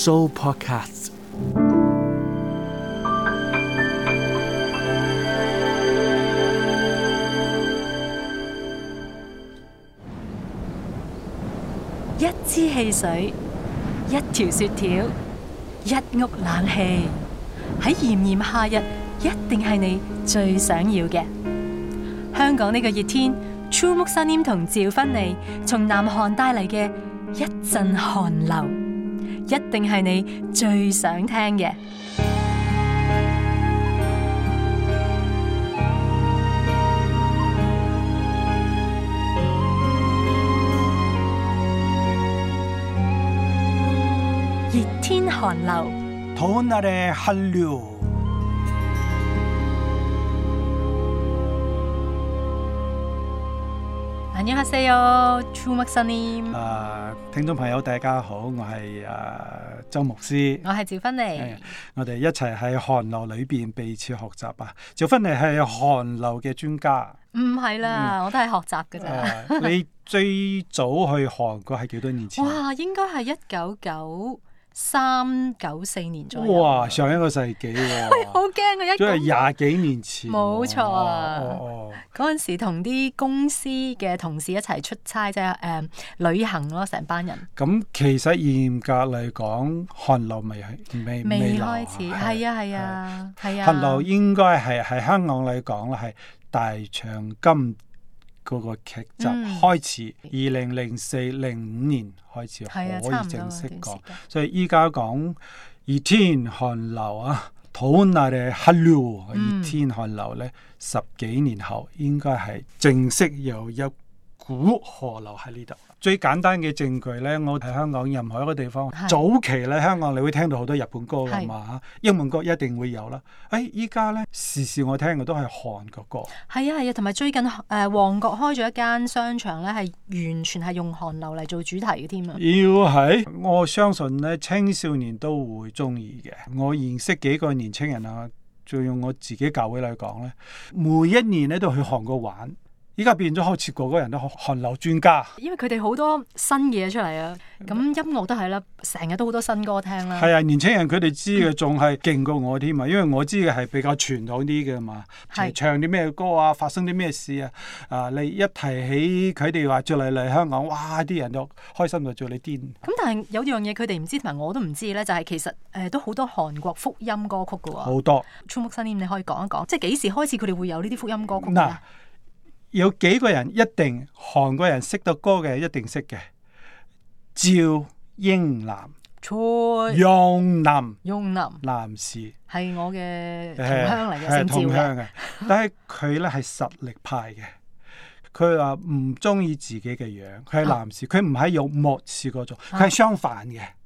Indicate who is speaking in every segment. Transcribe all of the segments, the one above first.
Speaker 1: Show podcast。
Speaker 2: 一支汽水，一條雪條，一屋冷氣，喺炎炎夏日，一定係你最想要嘅。香港呢個熱天，初木新庵同趙芬妮從南韓帶嚟嘅一陣寒流。一定係你最想聽嘅。熱
Speaker 1: 天寒流。
Speaker 2: 歡迎收視哦，超乜新呢？
Speaker 1: 啊，聽眾朋友大家好，我係啊、uh, 周牧師，
Speaker 2: 我係趙芬妮，uh,
Speaker 1: 我哋一齊喺韓流裏邊彼此學習啊。趙芬妮係韓流嘅專家，
Speaker 2: 唔係啦，嗯、我都係學習噶咋。Uh, 你
Speaker 1: 最早去韓國係幾多年前
Speaker 2: 啊？ 哇，應該係一九九。三九四年左右，
Speaker 1: 哇！上一個世紀喎，
Speaker 2: 好驚啊！一早係廿
Speaker 1: 幾年前、啊，
Speaker 2: 冇錯啊！嗰陣、哦哦、時同啲公司嘅同事一齊出差即係誒旅行咯，成班人。
Speaker 1: 咁、嗯、其實嚴格嚟講，韓流未係未未開
Speaker 2: 始，係啊係啊係啊。韓流
Speaker 1: 應該係喺香港嚟講咧，係大長今嗰個劇集開始，二零零四零五年開始可以正式講。嗯、所以依家講熱天寒流啊，土那啲熱天寒流咧，嗯、十幾年後應該係正式有一股河流喺呢度。最簡單嘅證據咧，我喺香港任何一個地方，是早期咧香港你會聽到好多日本歌噶嘛嚇，是英文歌一定會有啦。誒、哎，依家咧時時我聽嘅都係韓國歌。
Speaker 2: 係啊係啊，同埋最近誒旺角開咗一間商場咧，係完全係用韓流嚟做主題嘅添啊！
Speaker 1: 要係、嗯、我相信咧，青少年都會中意嘅。我認識幾個年輕人啊，就用我自己教會嚟講咧，每一年咧都去韓國玩。依家變咗，好似個個人都韓流專家，
Speaker 2: 因為佢哋好多新嘢出嚟啊！咁音樂都係啦，成日都好多新歌聽啦。係
Speaker 1: 啊，年輕人佢哋知嘅仲係勁過我添啊，因為我知嘅係比較傳統啲嘅嘛，係、就是、唱啲咩歌啊，發生啲咩事啊？啊，你一提起佢哋話着嚟嚟香港，哇！啲人又開心到着你癲。
Speaker 2: 咁但係有樣嘢佢哋唔知同埋我都唔知咧，就係、是、其實誒、呃、都好多韓國福音歌曲嘅喎。好多。出屋新點你可以講一講，即係幾時開始佢哋會有呢啲福音歌曲嘅？
Speaker 1: 有幾個人，一定韓國人識到歌嘅一定識嘅，趙英男、楊林徐、
Speaker 2: 楊林男，男士係我嘅同鄉嚟嘅，係是同鄉
Speaker 1: 嘅。 但係佢咧係實力派嘅，佢話唔中意自己嘅樣，佢係男士，佢唔係用墨試嗰種，佢係相反嘅。啊啊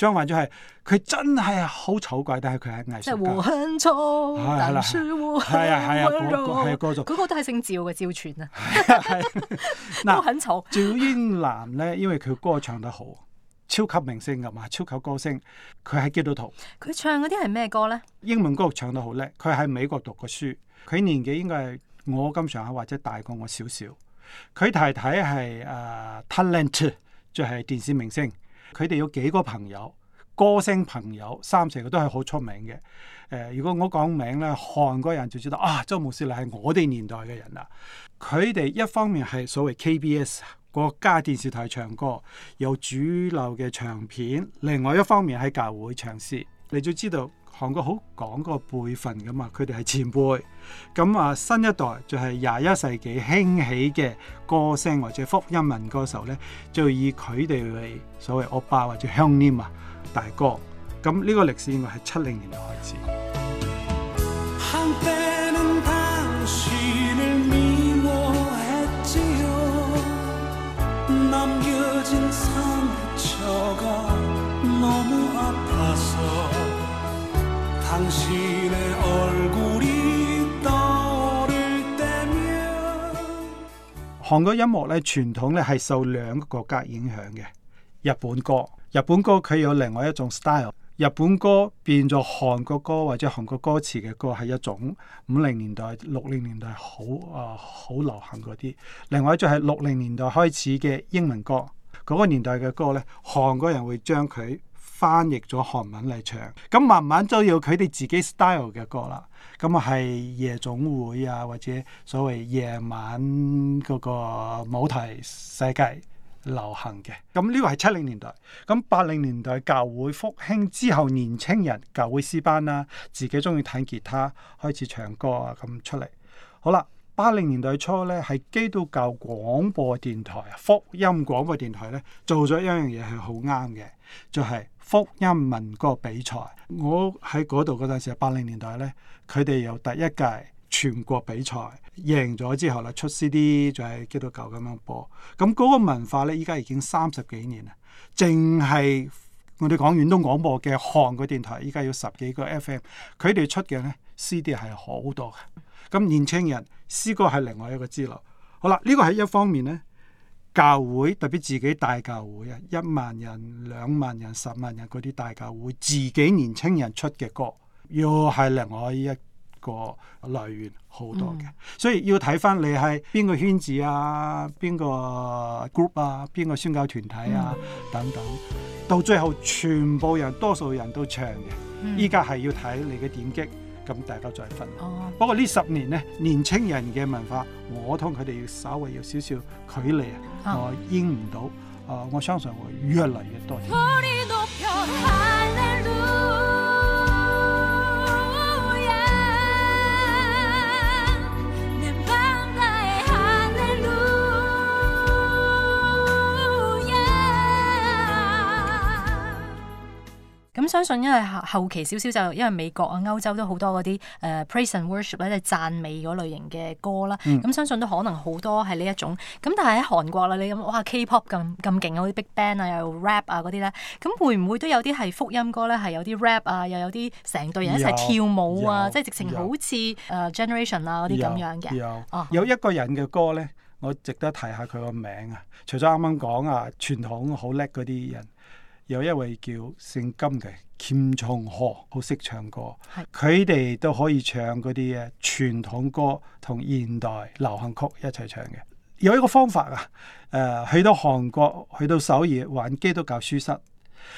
Speaker 1: 張幻主係佢，真係好醜怪，但係佢係藝術家。即係禾
Speaker 2: 香草，大樹禾香草。係啊係啊，嗰、啊啊啊、我個嗰、啊、個都係姓趙嘅趙傳啊。
Speaker 1: 好狠草！趙、啊、 英男咧，因為佢歌唱得好，超級明星㗎嘛，超級歌星。佢係基督徒。
Speaker 2: 佢唱嗰啲係咩歌咧？
Speaker 1: 英文歌曲唱得好叻。佢喺美國讀過書。佢年紀應該係我咁上下，或者大過我少少。佢太太係啊 talent，、啊啊、就係、是、電視明星。就是佢哋有幾個朋友，歌星朋友三成個都係好出名嘅。誒、呃，如果我講名咧，韓國人就知道啊，周牧師你係我哋年代嘅人啦。佢哋一方面係所謂 KBS 國家電視台唱歌，有主流嘅唱片；另外一方面喺教會唱詩，你就知道。韓國好講個輩分噶嘛，佢哋係前輩咁啊，新一代就係廿一世紀興起嘅歌聲或者福音文歌手咧，就以佢哋為所謂歐巴或者香黏啊大哥。咁呢個歷史應該係七
Speaker 2: 零
Speaker 1: 年代開始。韓國音樂咧，傳統咧，係受兩個國家影響嘅，日本歌。日本歌佢有另外一種 style。日本歌變咗韓國歌或者韓國歌詞嘅歌係一種五零年代、六零年代好啊，好流行嗰啲。另外一種係六零年代開始嘅英文歌。嗰個年代嘅歌咧，韓國人會將佢。翻譯咗韓文嚟唱，咁慢慢都要佢哋自己 style 嘅歌啦。咁啊，係夜總會啊，或者所謂夜晚嗰個舞台世界流行嘅。咁呢個係七零年代，咁八零年代教會復興之後，年青人教會詩班啦、啊，自己中意彈吉他，開始唱歌啊，咁出嚟。好啦。八零年代初咧，係基督教廣播電台，福音廣播電台咧，做咗一樣嘢係好啱嘅，就係福音民歌比賽。我喺嗰度嗰陣時，八零年代咧，佢哋由第一屆全國比賽贏咗之後咧，出 CD 就係基督教咁樣播。咁嗰個文化咧，依家已經三十幾年啦，淨係我哋講遠東廣播嘅韓國電台，依家有十幾個 FM，佢哋出嘅咧 CD 係好多嘅。咁年青人詩歌係另外一個支流，好啦，呢、呢個係一方面呢，教會特別自己大教會啊，一萬人、兩萬人、十萬人嗰啲大教會，自己年青人出嘅歌，又係另外一個來源好多嘅，嗯、所以要睇翻你係邊個圈子啊，邊個 group 啊，邊個宣教團體啊、嗯、等等，到最後全部人多數人都唱嘅，依家係要睇你嘅點擊。咁大家再分。Oh. 不過呢十年咧，年青人嘅文化，我同佢哋要稍微有少少距離啊，我、oh. 呃、應唔到啊、呃。我相信會越來越多。
Speaker 2: Oh. 相信因為後期少少就因為美國啊、歐洲都好多嗰啲誒 praise and worship 咧、啊，即、就、係、是、讚美嗰類型嘅歌啦。咁、嗯嗯、相信都可能好多係呢一種。咁但係喺韓國啦、啊，你諗，哇 K-pop 咁咁勁啊，嗰啲 BigBang 啊，又 rap 啊嗰啲咧，咁會唔會都有啲係福音歌咧？係有啲 rap 啊，又有啲成、啊啊、隊人一齊跳舞啊，即係直情好似誒 Generation 啊嗰啲咁樣嘅。有
Speaker 1: 有，有一個人嘅歌咧，我值得提下佢個名啊。除咗啱啱講啊，傳統好叻嗰啲人。有一位叫姓金嘅兼重河，好識唱歌，佢哋是都可以唱嗰啲嘅傳統歌同現代流行曲一齊唱嘅。有一個方法啊、呃，去到韓國，去到首爾玩基督教書室，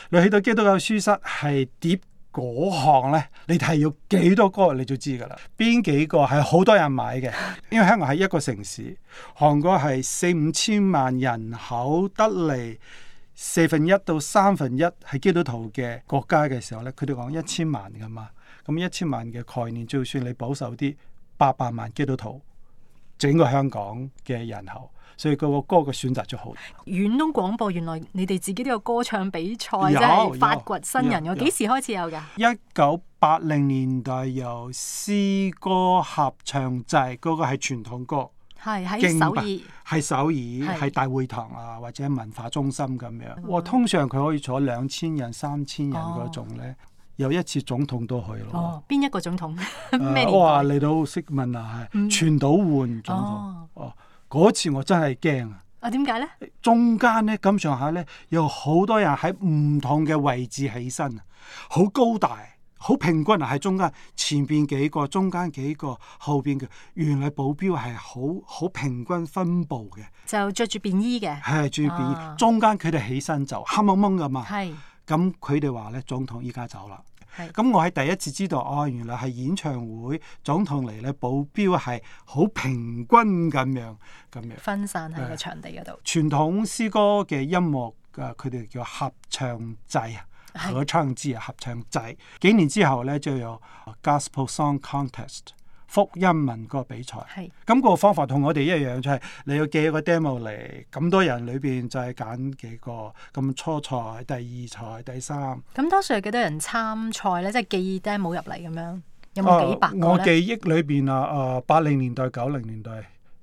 Speaker 1: 你去到基督教書室係碟嗰行呢，你睇要幾多歌你就知噶啦，邊幾個係好多人買嘅，因為香港係一個城市，韓國係四五千萬人口得嚟。四分一到三分一係基督徒嘅國家嘅時候呢，佢哋講一千萬㗎嘛，咁一千萬嘅概念就算你保守啲八百萬基督徒，整個香港嘅人口，所以個歌嘅選擇就好。
Speaker 2: 遠東廣播原來你哋自己都有歌唱比賽啫有，發掘新人㗎，幾時開始有㗎？一
Speaker 1: 九八零年代由詩歌合唱制嗰、那個係傳統歌。
Speaker 2: 係喺首爾，
Speaker 1: 係首爾，係是大會堂啊，或者文化中心咁樣。我哇通常佢可以坐兩千人、三千人嗰種咧，哦、有一次總統都去咯。
Speaker 2: 邊、哦啊、一個總統？ 哇！
Speaker 1: 你都識問啊，係、嗯、全島換總統。哦，嗰、哦、次我真係驚啊！
Speaker 2: 啊，點解咧？
Speaker 1: 中間咧咁上下咧，有好多人喺唔同嘅位置起身，好高大。好平均啊，喺中間前邊幾個、中間幾個、後邊嘅，原來保鏢係好好平均分布嘅，
Speaker 2: 就着住便衣嘅，係著
Speaker 1: 住便衣。哇中間佢哋起身就黑蒙蒙㗎嘛，係是。咁佢哋話咧，總統依家走啦。係是。咁我喺第一次知道，哦、啊，原來係演唱會，總統嚟咧，保鏢係好平均咁樣咁樣
Speaker 2: 分散喺個場地嗰度。
Speaker 1: 傳統詩歌嘅音樂，誒、啊，佢哋叫合唱制啊。是合唱之合唱仔，幾年之後咧就有 Gospel Song Contest 福音民歌比賽。咁是個方法同我哋一樣，就係、是、你要寄一個 demo 嚟，咁多人裏邊就係揀幾個咁初賽、第二賽、第三。
Speaker 2: 咁當時有幾多人參賽咧？即、就、係、是、寄 demo 入嚟咁樣，有冇幾百、啊、我記憶
Speaker 1: 裏邊啊，啊八零年代、九零年代，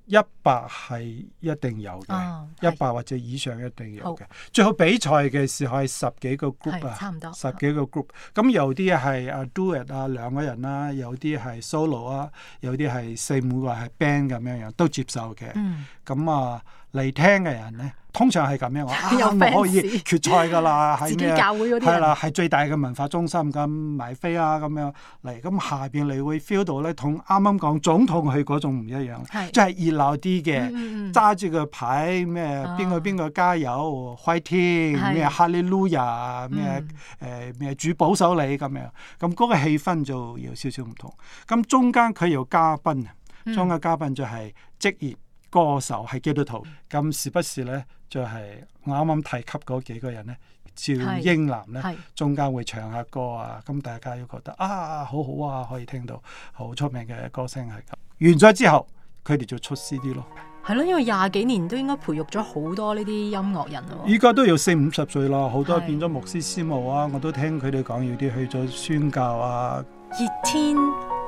Speaker 1: 一百係一定有嘅，一百、哦、或者以上一定有嘅。好，最後比賽嘅時候係十幾個 group 啊，十幾個 group。咁好有啲係啊 duet 啊兩個人啦，有啲係 solo 啊，有啲係、啊、四五個係 band 咁樣樣都接受嘅。咁、嗯、啊。嚟聽嘅人咧，通常係咁樣話：啊，我可以決賽噶啦，喺咩？係啦，係最大嘅文化中心咁買飛啊咁樣嚟。咁下邊你會 feel 到咧，同啱啱講總統去嗰種唔一樣，即係熱鬧啲嘅，揸住個牌咩？邊個邊個加油，fighting，咩哈利路亞咩？誒咩？主保守你咁樣。咁嗰個氣氛就有少少唔同。咁中間佢有嘉賓啊，中間嘉賓就係職業。歌手係基督徒，咁時不時咧，就係我啱啱提及嗰幾個人咧，趙英男咧，中間會唱下歌啊，咁大家都覺得啊，好好啊，可以聽到好出名嘅歌聲係咁。完咗之後，佢哋就出 CD 咯，
Speaker 2: 係咯，因為廿幾年都應該培育咗好多呢啲音樂人喎。依
Speaker 1: 家都有四五十歲啦，好多變咗牧師師母啊，是我都聽佢哋講要啲去咗宣教啊。
Speaker 2: 熱天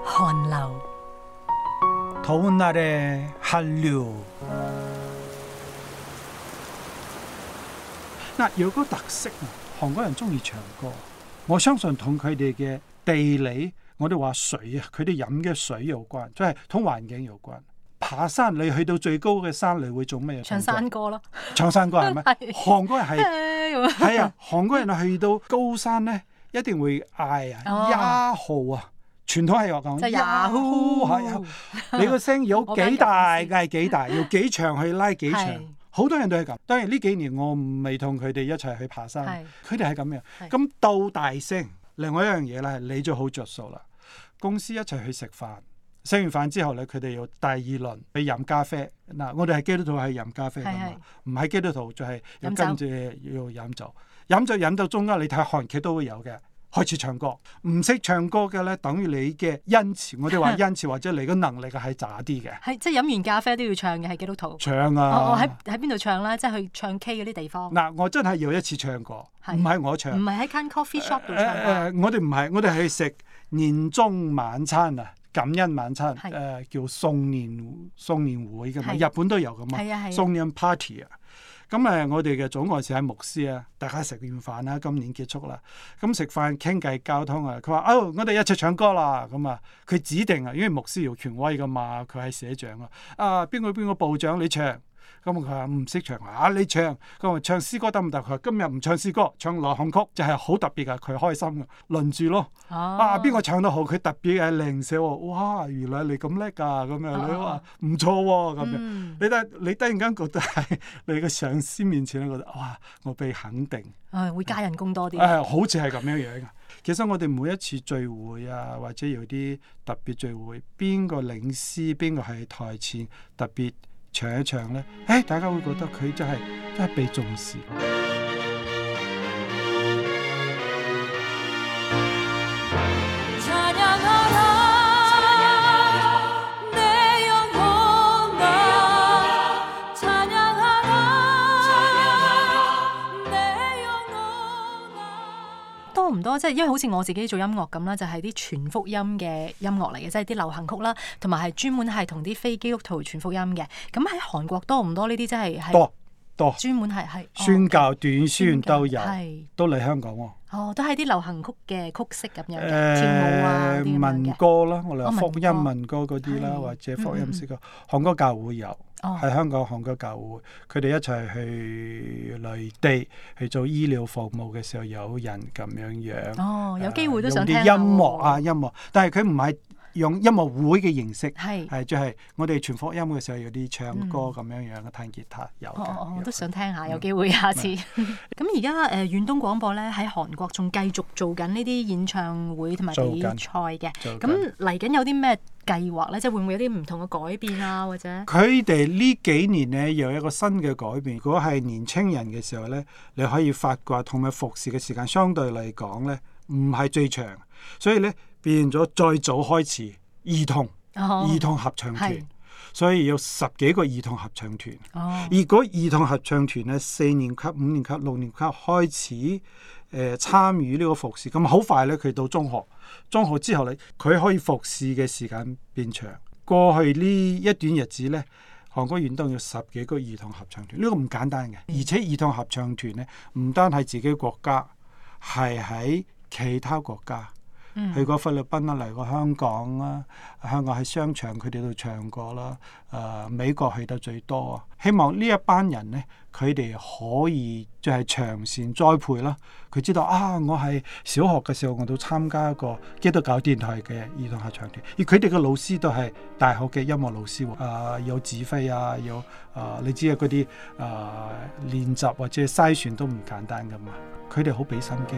Speaker 2: 寒流，
Speaker 1: 討厭。Hello 嗱，有個特色啊！韓國人中意唱歌，我相信同佢哋嘅地理，我哋話水啊，佢哋飲嘅水有關，即係同環境有關。爬山你去到最高嘅山嚟，你會做咩啊？唱山歌咯！唱山歌係咩？ 韓國人係係 啊！韓國人去到高山咧，一定會嗌啊 Yahoo 啊！Oh. 一號啊。傳統係我講，你個聲有幾大就係幾大， 要幾長去拉幾長，好 是多人都係咁。當然呢幾年我未同佢哋一齊去爬山，佢哋係咁樣。咁是到大聲，另外一樣嘢咧，你就好着數啦。公司一齊去食飯，食完飯之後咧，佢哋要第二輪去飲咖啡。嗱，我哋係基督徒係飲咖啡㗎嘛，唔係的基督徒就係、是、要跟住要飲酒，飲酒飲到中間，你睇韓劇都會有嘅。開始唱歌，唔識唱歌嘅咧，等於你嘅恩賜。我哋話恩賜 或者你嘅能力係渣啲嘅。
Speaker 2: 係即係飲完咖啡都要唱嘅，係基督徒？
Speaker 1: 唱啊！哦、我我喺
Speaker 2: 喺邊度唱咧？即、就、係、是、去唱 K 嗰啲地方。
Speaker 1: 嗱，我真係有一次唱過，唔係我唱。唔
Speaker 2: 係喺 c 間 coffee shop 度唱啊！
Speaker 1: 我哋唔係，我哋去食年終晚餐啊，感恩晚餐，誒是、呃、叫送年送年會嘅嘛，是日本都有咁啊，送年 party 啊。咁誒、嗯，我哋嘅總幹事係牧師啊，大家食完飯啦，今年結束啦。咁食飯傾偈、交通啊，佢話：哦，我哋一齊唱歌啦。咁、嗯、啊，佢指定啊，因為牧師要權威噶嘛，佢係社長啊。啊，邊個邊個部長你唱？咁佢話唔識唱啊！你唱，咁啊唱詩歌得唔得？佢話今日唔唱詩歌，唱流行曲就係好特別嘅。佢開心嘅，輪住咯。
Speaker 2: 啊，邊個、啊、
Speaker 1: 唱得好？佢特別係零舍喎。哇！原來你咁叻啊！咁、啊哦、樣、嗯、你話唔錯喎。咁樣你得你突然間覺得喺 你嘅上司面前咧，覺得哇！我被肯定，
Speaker 2: 誒、啊、會加人工多啲、啊。好
Speaker 1: 似係咁樣樣嘅。 其實我哋每一次聚會啊，或者有啲特別聚會，邊個領詩，邊個係台前特別。唱一唱咧，誒、哎、大家會覺得佢真係真係被重視。
Speaker 2: 唔多，即係因為好似我自己做音樂咁啦，就係啲全福音嘅音樂嚟嘅，即係啲流行曲啦，同埋係專門係同啲非基督徒全福音嘅。咁喺韓國多唔多呢啲？即係多多專門係係
Speaker 1: 宣教短宣都有，係都嚟香港喎。
Speaker 2: 哦，都係啲流行曲嘅曲式咁樣嘅，跳
Speaker 1: 舞啊，民歌啦，我哋福音民歌嗰啲啦，或者福音詩歌，韓國教會有。喺、oh. 香港、韓國教會，佢哋一齊去內地去做醫療服務嘅時候，有人咁樣樣。
Speaker 2: 哦、oh, 呃，有機會都想聽用
Speaker 1: 啲音樂、oh. 啊，音樂，但係佢唔係。用音樂會嘅形式，係係即係我哋傳福音嘅時候有啲唱歌咁樣、嗯、樣，彈吉他有、哦。
Speaker 2: 我都想聽下，嗯、有機會下次。咁而家誒遠東廣播咧喺韓國仲繼續做緊呢啲演唱會同埋比賽嘅，做緊。咁嚟緊有啲咩計劃咧？即係會唔會有啲唔同嘅改變啊？或者
Speaker 1: 佢哋呢幾年咧又有一個新嘅改變。如果係年青人嘅時候咧，你可以發掘，同佢服侍嘅時間相對嚟講咧唔係最長，所以咧。變咗最早開始，兒童兒童合唱團，是所以有十幾個兒童合唱團。如果兒童合唱團咧四年級、五年級、六年級開始誒、呃、參與呢個服侍，咁好快咧佢到中學，中學之後咧佢可以服侍嘅時間變長。過去呢一段日子咧，韓國遠東有十幾個兒童合唱團，呢、呢個唔簡單嘅，而且兒童合唱團咧唔單係自己國家，係喺其他國家。去過菲律賓啊，嚟過香港啊。香港喺商場佢哋都唱過啦。誒、啊，美國去得最多。啊。希望呢一班人呢，佢哋可以就係長線栽培啦。佢知道啊，我係小學嘅時候我都參加一個基督教電台嘅兒童合唱團，而佢哋嘅老師都係大學嘅音樂老師喎。啊，有指揮啊，有啊，你知啊嗰啲啊練習或者篩選都唔簡單噶嘛。佢哋好俾心機。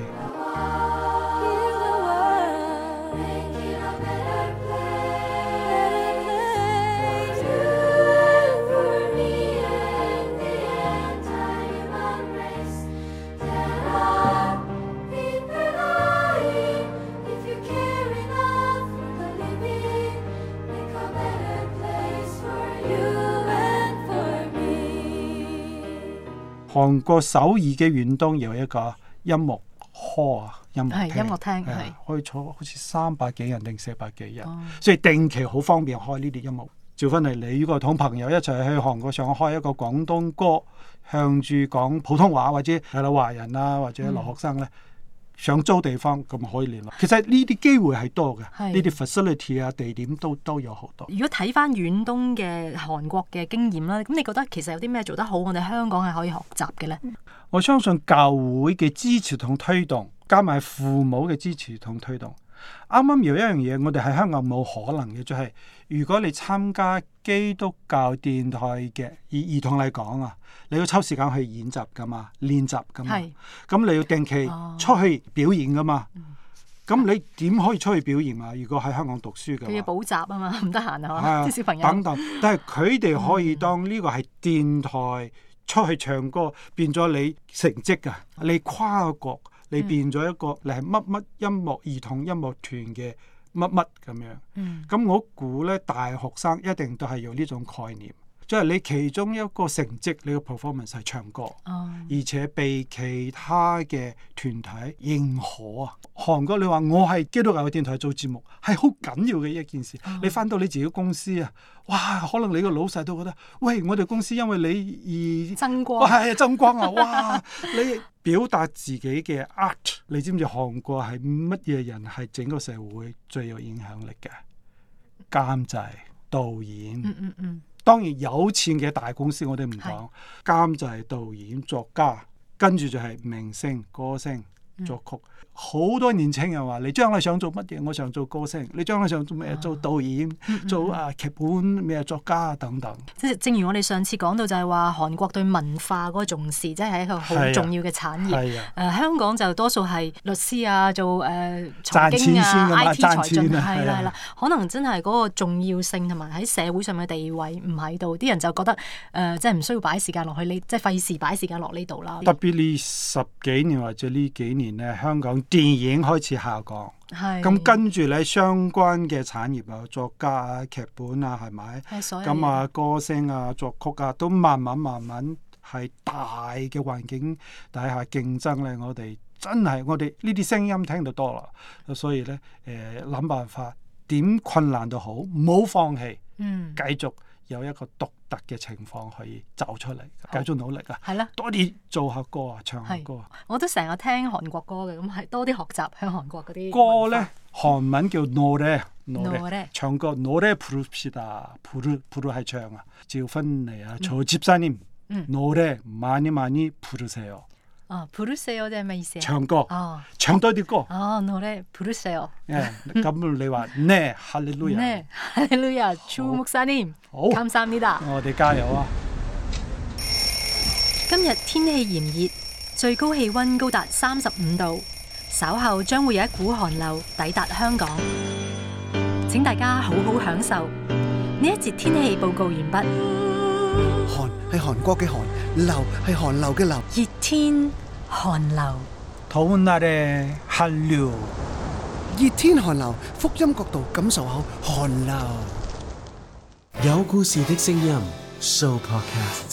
Speaker 1: 韓國首爾嘅遠東有一個音樂 hall，音樂廳，音樂可以坐好似三百幾人定四百幾人，哦、所以定期好方便開呢啲音樂。照翻嚟，你如果同朋友一齊去韓國上開一個廣東歌，向住講普通話或者係咯華人啊，或者留學生咧。嗯想租地方咁可以聯絡。其實呢啲機會係多嘅，呢啲是 facility 啊地點都都有好多。
Speaker 2: 如果睇返遠東嘅韓國嘅經驗啦，咁你覺得其實有啲咩做得好，我哋香港係可以學習嘅咧？嗯、
Speaker 1: 我相信教會嘅支持同推動，加埋父母嘅支持同推動。啱啱有一樣嘢，我哋喺香港冇可能嘅，就係、是、如果你參加基督教電台嘅以兒童嚟講啊，你要抽時間去演習噶嘛練習噶嘛，咁是你要定期出去表演噶嘛，咁、哦嗯、你點可以出去表演啊？如果喺香港讀書嘅，佢要
Speaker 2: 補習啊嘛，唔得閒啊嘛，啲小朋友等等，但係
Speaker 1: 佢哋可以當呢個係電台出去唱歌，嗯、變咗你成績噶，你跨國。你變咗一個，你係乜乜音樂兒童音樂團嘅乜乜咁樣。咁、嗯、我估咧，大學生一定都係有呢種概念。因為你其中一個成績，你個 performance 係唱歌，哦、而且被其他嘅團體認可啊！韓國，你話我係基督教嘅電台做節目，係好緊要嘅一件事。哦、你翻到你自己公司啊，哇！可能你個老細都覺得，喂，我哋公司因為你而
Speaker 2: 增光，係啊增光啊！
Speaker 1: 哇！ 你表達自己嘅 art，你知唔知韓國係乜嘢人？係整個社會最有影響力嘅監製、導演，嗯嗯。嗯當然有錢嘅大公司我哋唔講，是監製、導演、作家，跟住就係明星、歌星。作曲，好多年青人話，你將來想做乜嘢？我想做歌星。你將來想做咩？做導演，做啊劇本咩作家等等。
Speaker 2: 即係正如我哋上次講到，就係話韓國對文化嗰個重視，即係一個好重要嘅產業。誒香港就多數係律師啊，做誒財經啊，IT 財經啊，係啦。可能真係嗰個重要性同埋喺社會上嘅地位唔喺度，啲人就覺得誒，即係唔需要擺時間落去，你即係費事擺時間落呢度啦。特
Speaker 1: 別呢十幾年或者呢幾年。年咧，香港電影開始下降，咁是跟住咧相關嘅產業啊，作家啊、劇本啊，係咪咁啊，所歌星啊、作曲啊，都慢慢慢慢係大嘅環境底下競爭咧。我哋真係我哋呢啲聲音聽到多啦，所以咧誒諗辦法點困難都好，唔好放棄，
Speaker 2: 嗯，繼
Speaker 1: 續有一個獨。嘅情況可以走出嚟，繼續努力啊！係啦，多啲做下歌啊，唱下歌啊！
Speaker 2: 我都成日聽韓國歌嘅，咁係多啲學習向韓國嗰啲歌咧。
Speaker 1: 韓文叫노래，노래，唱歌，노래부르시다，부르，부르係唱啊！趙芬女士，趙錦山님，노래많이많이부르세요。
Speaker 2: 啊，唱歌，啊、唱多啲歌。啊，嘅歌。啊，
Speaker 1: 咁你話，呢哈利路亞。呢
Speaker 2: 哈利路亞，真木山添。好。三呢。我哋加油啊！今日天，天氣炎熱，最高氣温高達三十五度，稍後將會有一股寒流抵達香港。請大家好好享受呢一節天氣報告。完畢。
Speaker 1: 寒係韓，韓國嘅寒，流係寒流嘅流。
Speaker 2: 熱天。寒流，
Speaker 1: 好嗱啲寒流，熱天寒流，福音角度感受下寒
Speaker 2: 流，有故事的聲音 Show Podcast。